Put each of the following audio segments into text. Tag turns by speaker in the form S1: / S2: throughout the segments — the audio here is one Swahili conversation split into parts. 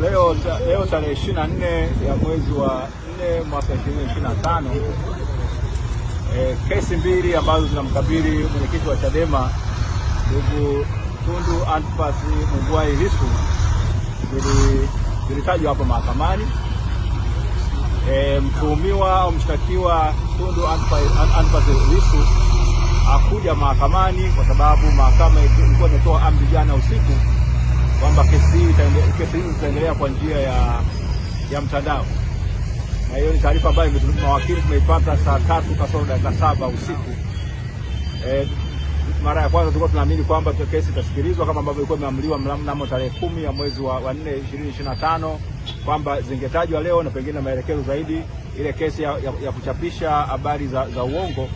S1: Leo leo tarehe 24 ya mwezi wa 4 mwaka 2025 eh, kesi mbili ambazo zinamkabili mwenyekiti wa Chadema ndugu Tundu Antipas Mugwai Lissu zilitajwa hapo mahakamani. E, mtuhumiwa au mshtakiwa Tundu Antipas Lissu hakuja mahakamani kwa sababu mahakama ilikuwa imetoa amri jana usiku kwamba kesi hizi zitaendelea kwa njia ya, ya mtandao, na hiyo ni taarifa ambayo mawakili tumeipata saa tatu kasoro dakika saba usiku. E, mara ya kwanza tulikuwa tunaamini kwamba kesi itasikilizwa kama ambavyo ilikuwa imeamriwa mnamo tarehe kumi ya mwezi wa nne ishirini ishirini na tano kwamba zingetajwa leo na pengine maelekezo zaidi. Ile kesi ya, ya, ya kuchapisha habari za, za uongo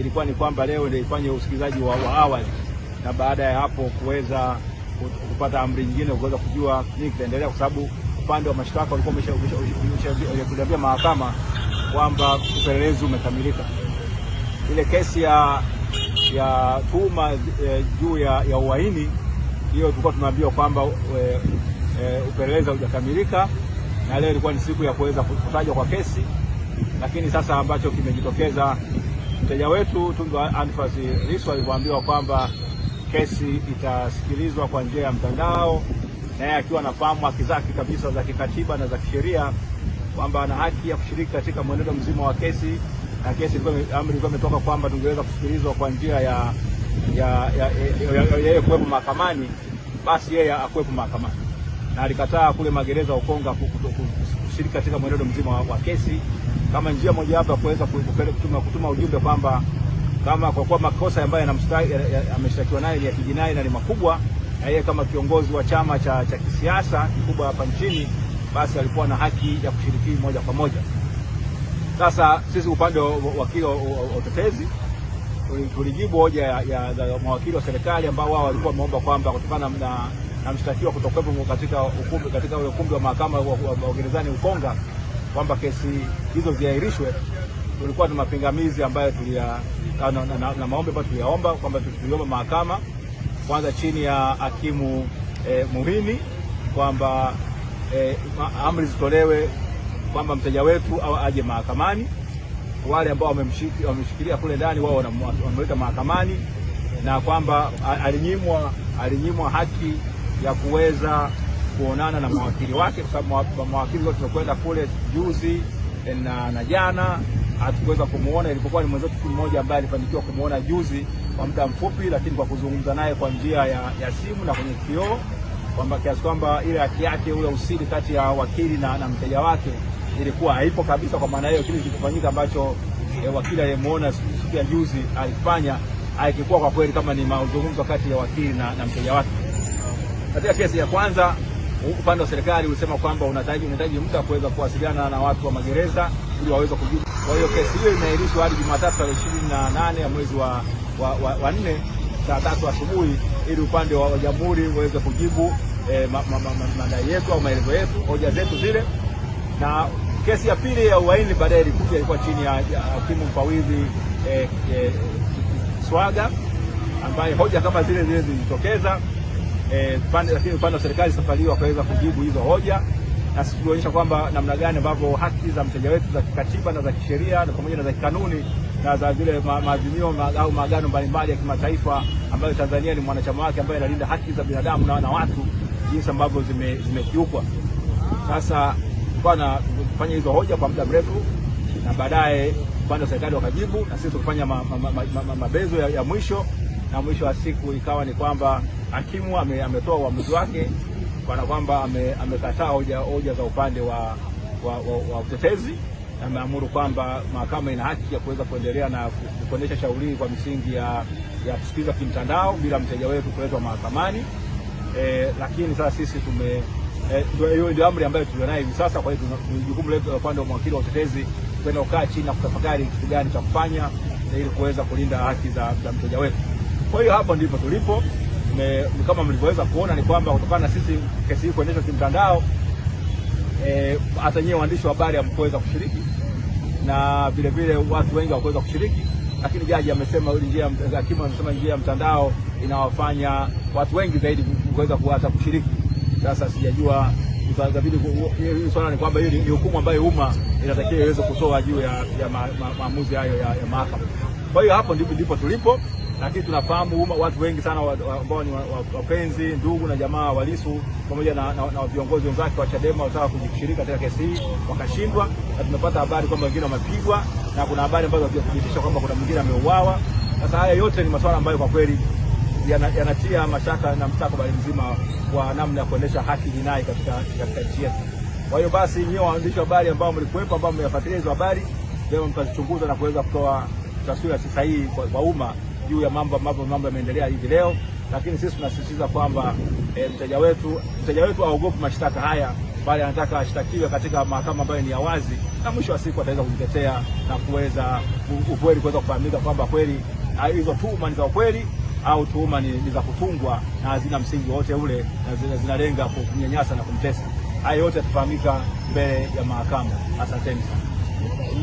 S1: ilikuwa ni kwamba leo ndio ifanye usikilizaji wa, wa awali na baada ya hapo kuweza kupata amri nyingine kuweza kujua nini kitaendelea, kwa sababu upande wa mashtaka walikuwa wameshaliambia mahakama kwamba upelelezi umekamilika. Ile kesi ya ya tuhuma e, juu ya, ya uhaini hiyo tulikuwa tunaambiwa kwamba e, e, upelelezi haujakamilika, na leo ilikuwa ni siku ya kuweza kutajwa kwa kesi, lakini sasa ambacho kimejitokeza mteja wetu Tundu Anfas Lissu alivyoambiwa kwamba kesi itasikilizwa kwa njia ya mtandao, naye akiwa anafahamu haki zake kabisa za kikatiba na za kisheria kwamba ana haki ya kushiriki katika mwenendo mzima wa kesi, na kesi amri ilikuwa imetoka kwamba tungeweza kusikilizwa kwa njia ya yeye kuwepo mahakamani, basi yeye akuwepo mahakamani, na alikataa kule magereza Ukonga kushiriki katika mwenendo mzima wa kesi kama njia mojawapo ya kuweza kutuma ujumbe kwamba kama kwa kuwa makosa ambayo ameshtakiwa nayo ni ya kijinai na ni makubwa, na yeye kama kiongozi wa chama cha, cha kisiasa kikubwa hapa nchini, basi alikuwa na haki ya kushiriki moja kwa moja. Sasa sisi upande wa wakili wa utetezi tulijibu hoja ya, ya, ya mawakili wa serikali ambao wao walikuwa wameomba kwamba kutokana na, na, mshtakiwa kutokuwepo katika ukumbi katika ukumbi wa mahakama wa gerezani Ukonga kwamba kesi hizo ziahirishwe kulikuwa na mapingamizi ambayo tulia na, na, na, na maombi ambayo tuliyaomba kwamba tuliomba mahakama kwanza chini ya hakimu eh, Muhini kwamba eh, amri zitolewe kwamba mteja wetu au aje mahakamani. Wale ambao wamemshikilia kule ndani wao wanamweka mahakamani, na kwamba alinyimwa alinyimwa haki ya kuweza kuonana na mawakili wake, kwa sababu mawakili wote tumekwenda kule juzi eh, na, na jana hatukuweza kumuona, ilipokuwa ni mwenzetu tu mmoja ambaye alifanikiwa kumuona juzi kwa muda mfupi, lakini kwa kuzungumza naye kwa njia ya, ya simu na kwenye kioo kwamba kiasi kwamba ile haki yake, ule usiri kati ya wakili na, na mteja wake ilikuwa haipo kabisa. Kwa maana hiyo kile kilichofanyika ambacho e, wakili aliyemuona siku ya juzi alifanya haikikuwa kwa kweli kama ni mazungumzo kati ya wakili na, na mteja wake. Katika kesi ya kwanza upande wa serikali ulisema kwamba unahitaji unahitaji kuweza kuwasiliana na watu wa magereza ili waweze kujibu. Kwa hiyo kesi hiyo imeahirishwa hadi Jumatatu tarehe ishirini na nane ya mwezi wa, wa, wa, wa nne saa tatu asubuhi ili upande wa jamhuri uweze kujibu eh, madai ma, ma, ma, ma, yetu au maelezo yetu hoja zetu zile. Na kesi ya pili ya uhaini baadaye ilikuja ilikuwa chini ya hakimu mfawidhi eh, eh, Swaga ambaye hoja kama zile zile zilijitokeza, eh, lakini eh, upande wa serikali safari hiyo wakaweza kujibu hizo hoja na sisi tulionyesha kwamba namna gani ambavyo haki za mteja wetu za kikatiba na za kisheria na pamoja na za kikanuni na za vile maazimio ma, au maagano mbalimbali ya kimataifa ambayo Tanzania ni mwanachama wake ambayo inalinda haki za binadamu na na watu jinsi ambavyo zimekiukwa zime sasa bwana kufanya hizo hoja kwa muda mrefu na baadaye upande wa serikali wakajibu, na sisi tukafanya mabezo ma, ma, ma, ma, ma ya, ya mwisho, na mwisho wa siku ikawa ni kwamba hakimu ametoa uamuzi wake kana kwamba amekataa ame hoja za upande wa, wa, wa, wa utetezi. Ameamuru kwamba mahakama ina haki ya kuweza kuendelea na kuendesha shauri kwa misingi ya, ya kusikiliza kimtandao bila mteja wetu kuletwa mahakamani. E, lakini sasa sisi tume e, hiyo e, ndio amri ambayo tulionayo hivi sasa. Kwa hiyo ni jukumu letu upande wa mwakili wa utetezi kwenda kukaa chini na kutafakari kitu gani cha kufanya ili kuweza kulinda haki za, za mteja wetu. Kwa hiyo hapo ndipo tulipo tume, kama mlivyoweza kuona ni kwamba kutokana na sisi kesi hii kuendeshwa kimtandao, e, hata e, waandishi wa habari hamkuweza kushiriki na vile vile watu wengi hawakuweza kushiriki, lakini jaji amesema ile njia, hakimu amesema njia ya mtandao inawafanya watu wengi zaidi kuweza kuwata kushiriki. Sasa sijajua itabidi hii swala ni kwamba hii ni hukumu ambayo umma inatakiwa iweze kutoa juu ya, ya maamuzi ma, hayo ya, ya mahakama. Kwa hiyo hapo ndipo tulipo lakini tunafahamu watu wengi sana ambao ni wapenzi ndugu na jamaa wa Lissu pamoja na, na, na viongozi wenzake wa Chadema walitaka kujishirika katika kesi hii wakashindwa, na tumepata habari kwamba wengine wamepigwa na kuna habari ambazo hazijathibitisha kwamba kuna mwingine ameuawa. Sasa haya yote ni masuala ambayo kwa kweli yanatia yana mashaka na mstakabali mzima wa namna ya kuendesha haki jinai katika katika nchi yetu. Kwa hiyo basi, nyie waandishi wa habari ambao mlikuwepo, ambao mmeyafuatilia hizo habari, leo mtazichunguza na kuweza kutoa taswira sahihi kwa umma juu ya mambo ambavyo mambo yameendelea hivi leo, lakini sisi tunasisitiza kwamba e, mteja wetu mteja wetu aogopi mashtaka haya, bali anataka ashtakiwe katika mahakama ambayo ni ya wazi, na mwisho wa siku ataweza kujitetea na kuweza ukweli kuweza kufahamika kwamba kweli ah, hizo tuhuma ni za ukweli au tuhuma ni za kutungwa na hazina msingi wote ule na zinalenga kumnyanyasa na kumtesa. Haya yote yatafahamika mbele ya mahakama. Asanteni sana.